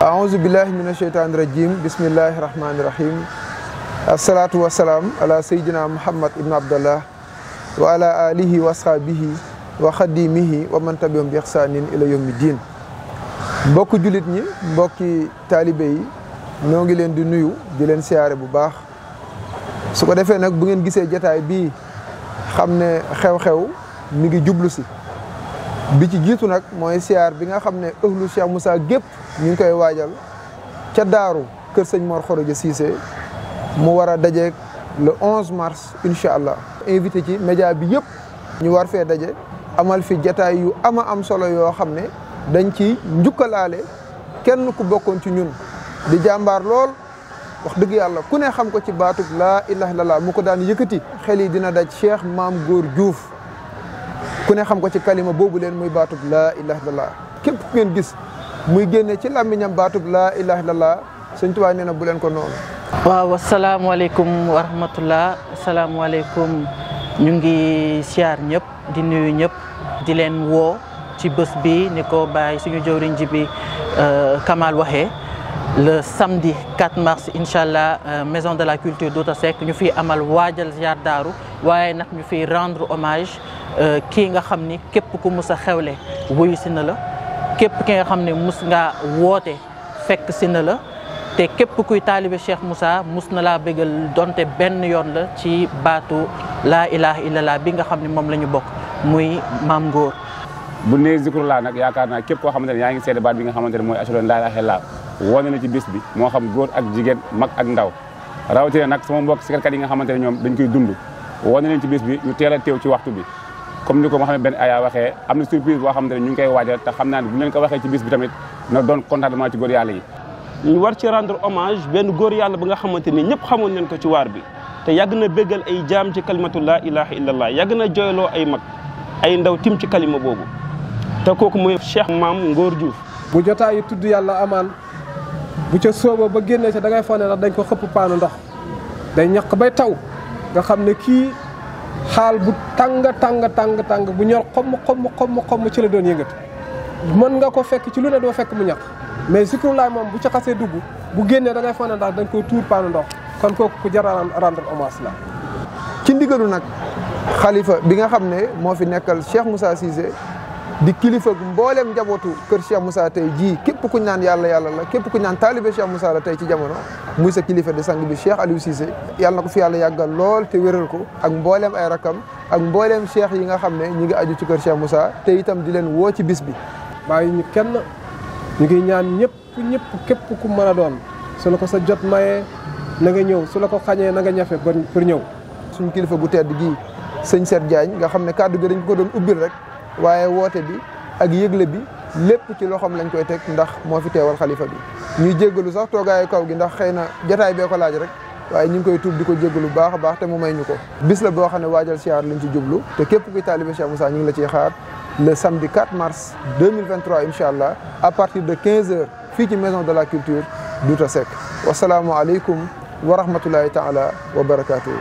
aouzu billahi min asheytaani rajim bismillahi rahmaani rahim asalaatu wasalaam ala sayyidina muhammad ibn abdallah wa ala alihi wa asxaabihi wa xadimihi wa ila yawmi mbokki jullit ñi mbokki taalibe yi ñoo ngi leen di nuyu di leen siyaare bu baax su ko defee nag bu ngeen gisee jataay bi xam ne xew-xew mi ngi jublu si bi ci jiitu nag mooy siyaar bi nga xam ne ëhlu Cheikh Moussa gépp ñun koy waajal ca daaru kër sëñ Mor Khoroja Cissé mu war a daje le 11 mars incha allah. invité ci média bi yëpp ñu war fee daje amal fi jataay yu ama am solo yoo xam ne dañ ci njukkalaale kenn ku bokkoon ci ñun di jàmbaar lool wax dëgg yàlla ku ne xam ko ci baatub laa ilaha illallah mu ko daan yëkkati xel yi dina daj Cheikh Maam Góor Diouf. ku ne xam ko ci kalima boobu leen muy baatub laa ilaha illallah képp gis muy génne ci làmmiñam baatub laa ilaha illallah sëñ Tuubaa nee na bu leen ko noonu waaw asalaamaaleykum wa rahmatullah asalaamaaleykum ñu ngi siyaar ñëpp di nuyu ñëpp di leen woo ci bés bi ni ko bàyyi suñu jëwriñ ji bi euh, Kamal waxee le samedi 4 mars incha allah euh, maison de la culture d'Outa Seck ñu fiy amal waajal ziar daaru waaye nag ñu fi rendre hommage Euh, kii nga xam ni képp ku mus a xewle wuyu si na la képp ki nga xam ne mus ngaa woote fekk si na la te képp kuy taalibe Cheikh Moussa mus na laa bégal donte benn yoon la ci baatu laa ilaha laa bi nga xam ni moom la ñu bokk muy maam ngóor bu nee zikrullah yaakaar naa képp koo xamante na yaa ngi seede baat bi nga xamante ne mooy ashhadu an laa ilaaha illallaah wane na ci bis bi moo xam góor ak jigéen mag ak ndaw rawatina nag sama mbokk si sikarkat yi nga xamante ne ñoom dañ koy dund wane nañ ci bis bi ñu teel a ci waxtu bi comme niko ko Ben Aya waxe amna surprise bo xam ñu ngi koy wajjal te xamna bu ñu leen ko waxe ci bis bi tamit na doon contentement ci gor yàlla yi. ñu war ci rendre hommage ben gor yàlla bi nga xamanteni ñëpp xamoon nañ ko ci war bi te yag na béggal ay jaam ci kalimatu la ilaha illallah yag na joylo ay mag ay ndaw tim ci kalima bobu te koku moy Cheikh mam Ngor Diouf. bu yi tuddu yàlla amal bu ci sobo ba genné ci da ngay fone ne dañ ko xëpp paanu ndox day ñaq bay taw nga xamné ki Hal bu tàng tàng tàng tàng bu ñor xomm xomm xomm xomm ci la doon yëngatu mën nga ko fekk ci lu ne doo fekk mu ñàkk mais zikrulaay moom bu ca xasee dugg bu génnee da ngay fa ne ndax dañ koy tuur paan ndox kon kooku ku jar rendre hommage la ci ndigalu nag xalifa bi nga xam ne fi nekkal cheikh moussa cisé di kilifa gu mbooleem njabootu kër Cheikh Moussa tey jii képp kuñ naan yàlla yàlla la képp ku naan taalibe Cheikh Moussa la tey ci jamono muy sa kilifa di sang bi Cheikh Aliou Cissé yàlla na ko fi yàlla yàggal lool te wéral ko ak mbooleem ay rakam ak mbooleem cheikh yi nga xam ne ñi ngi aju ci kër Cheikh Moussa te itam di leen woo ci bis bi bàyyi ñu kenn ñu ngi ñaan ñëpp ñëpp képp ku mën a doon su la ko sa jot mayee na nga ñëw su la ko xañee na nga ñafe pour ñëw suñ kilifa gu tedd gii sëñ Seet Diagne nga xam ne kàddu gi dañ ko doon ubbil rek waaye woote bi ak yëgle bi lépp ci loxoom lañ koy teg ndax moo fi teewal xalifa bi ñu jéggalu sax toogaayu kaw gi ndax xëy na jataay bee ko laaj rek waaye ñu ngi koy tuub di ko jéggalu baax a baax te mu may ñu ko bis la boo xam ne waajal siyaar lañ ci jublu te képp kuy taalibe Cheikh Moussa ñu ngi la ciy xaar le samedi 4 mars 2023 incha allah à partir de 15 heures fii ci maison de la culture Douta Seck wasalaamualeykum wa rahmatullahi taala wa barakatuhu